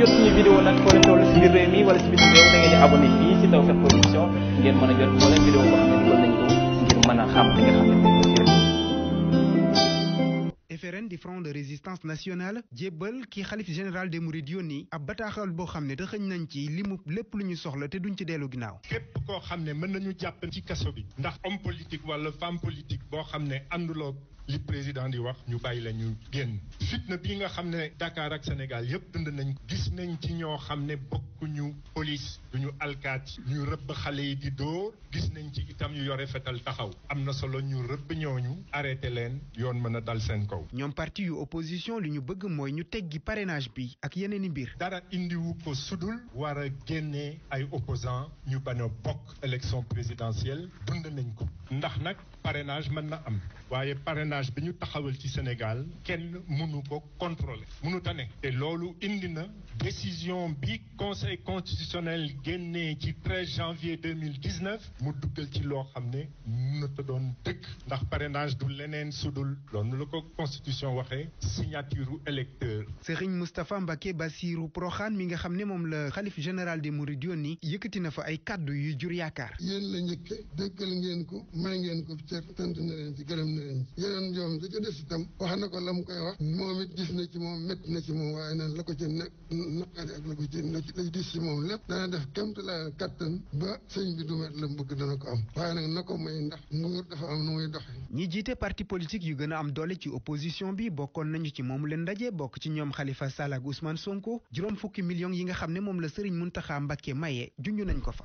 jot suñu vidéo nag foo leen toll si biir réew mi wala si biir réew da ngeen di abonné fii si Tawfekh Production ngeen mën a jot moo leen vidéo boo front de résistance nationale jébbal ki xalif général des mourides yónni ab bataaxal boo xam ne dëxëñ nañ ci limu lépp lu ñu soxla te duñ ci dellu ginnaaw. képp koo xam ne mën nañu jàpp ci kaso bi ndax om politique wala femme politique boo xam ne ànduloo li président di wax ñu bàyyi la ñu génn fitna bii nga xam ne Dakar ak Sénégal yëpp dund nañ gis nañ ci ñoo xam ne bokkuñu police ñu alkaat ñu rëbb xale yi di dóor gis nañ ci itam yu yore fetal taxaw am na solo ñu rëbb ñooñu arrêté leen yoon mën a dal seen kaw parti yu opposition li ñu bëgg mooy ñu teg gi parrainage bi ak yeneen i mbir. dara indiwu ko sudul. war a génne ay opposants ñu bañ a bokk élection présidentielle dund nañ ko. ndax nag parrainage man na am waaye parenage bi ñu taxawal ci Sénégal kenn mënu ko contrôler mënu tane te loolu indi na décision bi conseil constitutionnel génnee ci 13 janvier 2019 mu duggal ci loo xam ne mën na ta doon dëkk ndax parenage du leneen sudul loolu la ko constitution waxee signature électeur Serigne Moustapha Mbacké Bassirou Proxaan mi nga xam ne moom la xalif général des Mourides yónni yëkkati na fa ay kàddu yu jur yaakaar may ngeen ko cër sant na leen ci gërëm na leen ci yeneen joom si ca des wax na ko la mu koy wax moom it gis na ci moom métti na ci moom waaye nag la ko ci nekk naqari moom lépp dana def kémtalaayal kattan ba sëñ bi du met la ko am waaye nag na ko may ndax nguur dafa am nu muy doxe ñi jiite parti politique yu gën a am doole ci opposition bi bokkoon nañu ci moom leen ndaje bokk ci ñoom xalifa Sall ak Ousmane Sonko juróom fukki millions yi nga xam ne moom la Serigne Mountakha Mbacké maye junj nañ ko fa